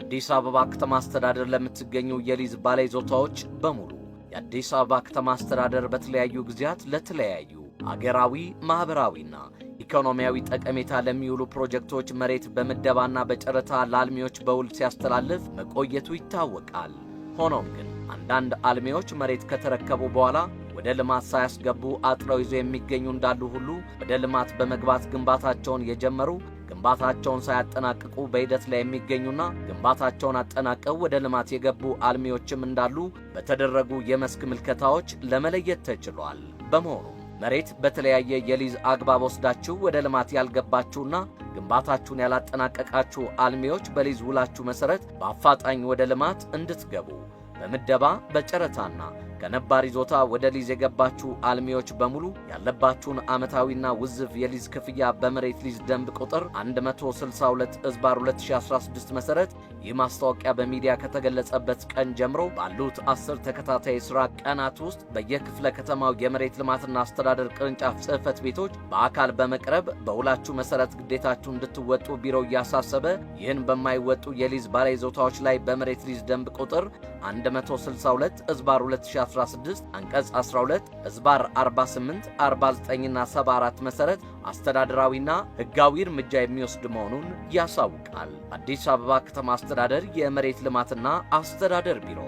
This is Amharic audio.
በአዲስ አበባ ከተማ አስተዳደር ለምትገኙ የሊዝ ባለይዞታዎች በሙሉ የአዲስ አበባ ከተማ አስተዳደር በተለያዩ ጊዜያት ለተለያዩ አገራዊ ማኅበራዊና ኢኮኖሚያዊ ጠቀሜታ ለሚውሉ ፕሮጀክቶች መሬት በምደባና በጨረታ ለአልሚዎች በውል ሲያስተላልፍ መቆየቱ ይታወቃል። ሆኖም ግን አንዳንድ አልሚዎች መሬት ከተረከቡ በኋላ ወደ ልማት ሳያስገቡ አጥረው ይዘው የሚገኙ እንዳሉ ሁሉ ወደ ልማት በመግባት ግንባታቸውን የጀመሩ ግንባታቸውን ሳያጠናቅቁ በሂደት ላይ የሚገኙና ግንባታቸውን አጠናቀው ወደ ልማት የገቡ አልሚዎችም እንዳሉ በተደረጉ የመስክ ምልከታዎች ለመለየት ተችሏል። በመሆኑ መሬት በተለያየ የሊዝ አግባብ ወስዳችሁ ወደ ልማት ያልገባችሁና ግንባታችሁን ያላጠናቀቃችሁ አልሚዎች በሊዝ ውላችሁ መሠረት በአፋጣኝ ወደ ልማት እንድትገቡ በምደባ በጨረታና ከነባር ይዞታ ወደ ሊዝ የገባችሁ አልሚዎች በሙሉ ያለባችሁን ዓመታዊና ውዝፍ የሊዝ ክፍያ በመሬት ሊዝ ደንብ ቁጥር 162 እዝባር 2016 መሠረት ይህ ማስታወቂያ በሚዲያ ከተገለጸበት ቀን ጀምሮ ባሉት አስር ተከታታይ ስራ ቀናት ውስጥ በየክፍለ ከተማው የመሬት ልማትና አስተዳደር ቅርንጫፍ ጽህፈት ቤቶች በአካል በመቅረብ በውላችሁ መሰረት ግዴታችሁ እንድትወጡ ቢሮው እያሳሰበ ይህን በማይወጡ የሊዝ ባለይዞታዎች ላይ በመሬት ሊዝ ደንብ ቁጥር 162 እዝባር 2016 16 አንቀጽ 12 እዝባር 48 49ና 74 መሰረት አስተዳደራዊና ሕጋዊ እርምጃ የሚወስድ መሆኑን ያሳውቃል። አዲስ አበባ ከተማ አስተዳደር የመሬት ልማትና አስተዳደር ቢሮ